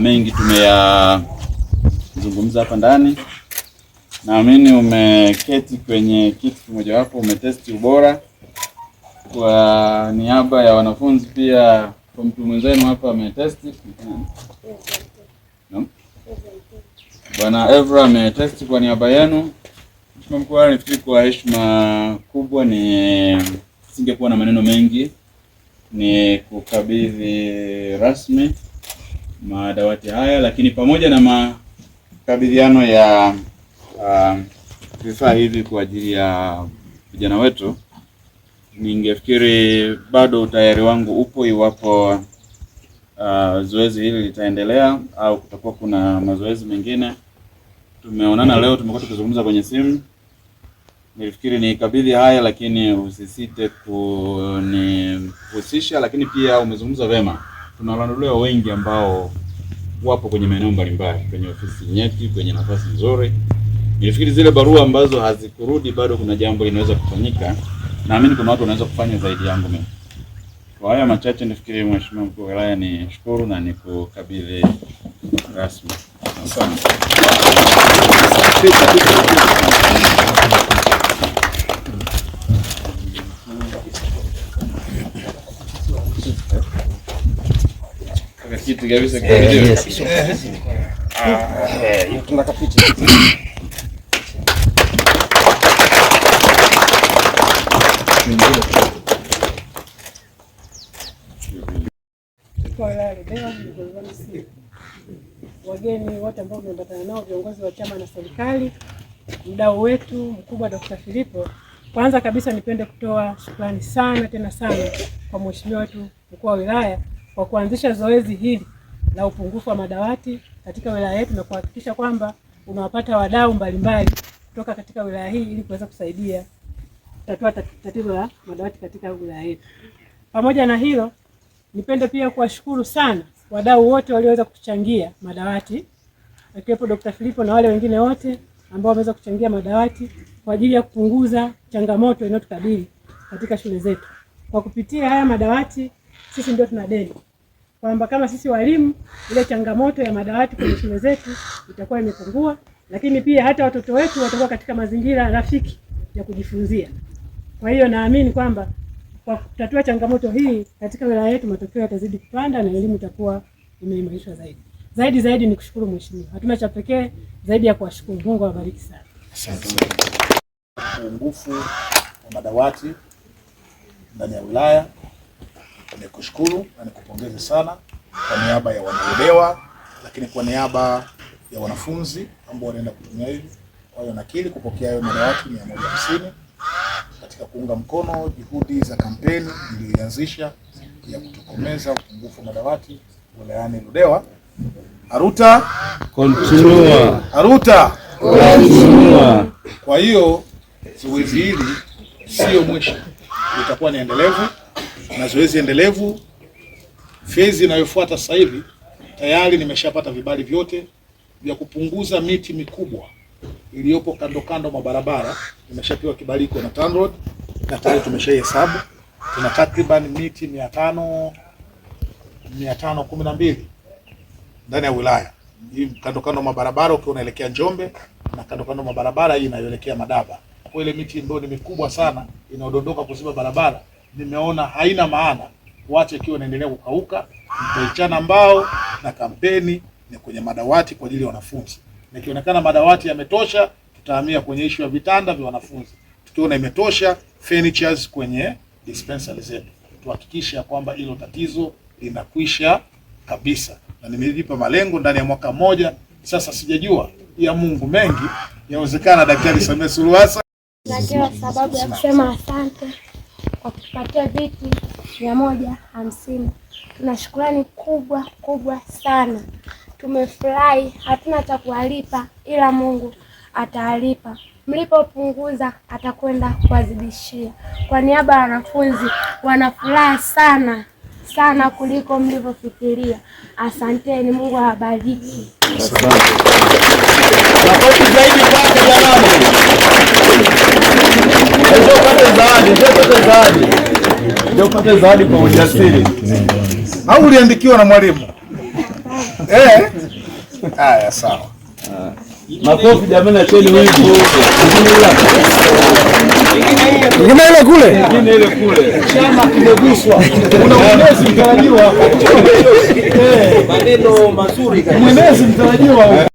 mengi tumeyazungumza hapa ndani. Naamini umeketi kwenye kitu kimojawapo, umetesti ubora kwa niaba ya wanafunzi, pia kwa mtu mwenzenu hapa ametesti. No? Bwana Evra ametesti kwa niaba yenu. Mheshimiwa mkuu, nafikiri kwa heshima kubwa, ni singekuwa na maneno mengi, ni kukabidhi rasmi madawati haya, lakini pamoja na makabidhiano ya uh, vifaa hivi kwa ajili ya vijana wetu, ningefikiri bado utayari wangu upo iwapo uh, zoezi hili litaendelea au kutakuwa kuna mazoezi mengine. Tumeonana leo, tumekuwa tukizungumza kwenye simu. Nilifikiri nikabidhi haya, lakini usisite kunihusisha, lakini pia umezungumza vema tuna wanadodoa wengi ambao wapo kwenye maeneo mbalimbali, kwenye ofisi nyeti, kwenye nafasi nzuri. Nilifikiri zile barua ambazo hazikurudi bado kuna jambo linaweza kufanyika. Naamini kuna watu wanaweza kufanya zaidi yangu mimi. Kwa haya machache, nifikiri Mheshimiwa Mkuu wa Wilaya, ni shukuru na nikukabidhi rasmi. Asante. kitu kabisa eh, kwa video. Eh, hiyo tunataka picha. Wageni wote ambao tumepatana nao, viongozi wa chama na serikali, mdau wetu mkubwa Dr. Philipo, kwanza kabisa nipende kutoa shukrani sana tena sana kwa mheshimiwa wetu mkuu wa wilaya kwa kuanzisha zoezi hili la upungufu wa madawati katika wilaya yetu na kuhakikisha kwamba unawapata wadau mbalimbali kutoka katika wilaya hii ili kuweza kusaidia kutatua tatizo la madawati katika wilaya yetu. Pamoja na hilo, nipende pia kuwashukuru sana wadau wote walioweza kutuchangia madawati akiwepo Dr. Filipo na wale wengine wote ambao wameweza kuchangia madawati kwa ajili ya kupunguza changamoto inayotukabili katika shule zetu. Kwa kupitia haya madawati sisi ndio tuna deni, kwamba kama sisi walimu, ile changamoto ya madawati kwenye shule zetu itakuwa imepungua, lakini pia hata watoto wetu watakuwa katika mazingira rafiki ya kujifunzia. Kwa hiyo naamini kwamba kwa kutatua changamoto hii katika wilaya yetu, matokeo yatazidi kupanda na elimu itakuwa imeimarishwa zaidi zaidi zaidi. Ni kushukuru mheshimiwa, hatuna cha pekee zaidi ya kuwashukuru. Mungu awabariki sana. Upungufu wa madawati ndani ya wilaya nikushukuru na nikupongeze sana kwa niaba ya wanaodewa, lakini kwa niaba ya wanafunzi ambao wanaenda kutumia hivi. Kwa hiyo nakili kupokea hayo madawati 150 katika kuunga mkono juhudi za kampeni iliyoanzisha ya kutokomeza upungufu wa madawati wilayani Ludewa. Aruta continua, Aruta continua. Kwa hiyo zoezi hili sio mwisho, litakuwa ni endelevu mazoezi endelevu. Fezi inayofuata sasa hivi tayari nimeshapata vibali vyote vya kupunguza miti mikubwa iliyopo kando kando mwa barabara, nimeshapewa kibali iko na TANROADS na tayari tumeshahesabu tuna takriban miti mia tano mia tano kumi na mbili ndani ya wilaya hii kando kando mwa barabara ukiwa unaelekea Njombe na kando kando mwa barabara hii inayoelekea Madaba, kwa ile miti ambayo ni mikubwa sana inayodondoka kuziba barabara nimeona haina maana kuacha ikiwa inaendelea kukauka. Nitaichana mbao na kampeni ni kwenye madawati kwa ajili ya wanafunzi. Nikionekana madawati yametosha, tutahamia kwenye ishu ya vitanda vya wanafunzi. Tukiona imetosha, furnitures kwenye dispensary zetu, tuhakikishe kwamba hilo tatizo linakwisha kabisa, na nimejipa malengo ndani ya mwaka mmoja. Sasa sijajua ya Mungu mengi yawezekana. Daktari Samia Suluhu Hassan, sababu ya kusema asante kwa kutupatia viti mia moja hamsini. Tuna shukurani kubwa kubwa sana, tumefurahi. Hatuna cha kuwalipa ila Mungu atawalipa, mlipopunguza atakwenda kuwazidishia. Kwa niaba ya wanafunzi, wanafuraha sana sana kuliko mlivyofikiria. Asanteni, Mungu awabariki. zawadi, ndio upate zawadi kwa ujasiri. Au uliandikiwa na mwalimu? Eh, haya sawa. Ah, makofi jamani, acheni wivu. Ingine ile kule, ingine ile kule, chama kimeguswa, kuna mwenezi mtarajiwa, Eh, maneno mazuri, mwenezi mtarajiwa.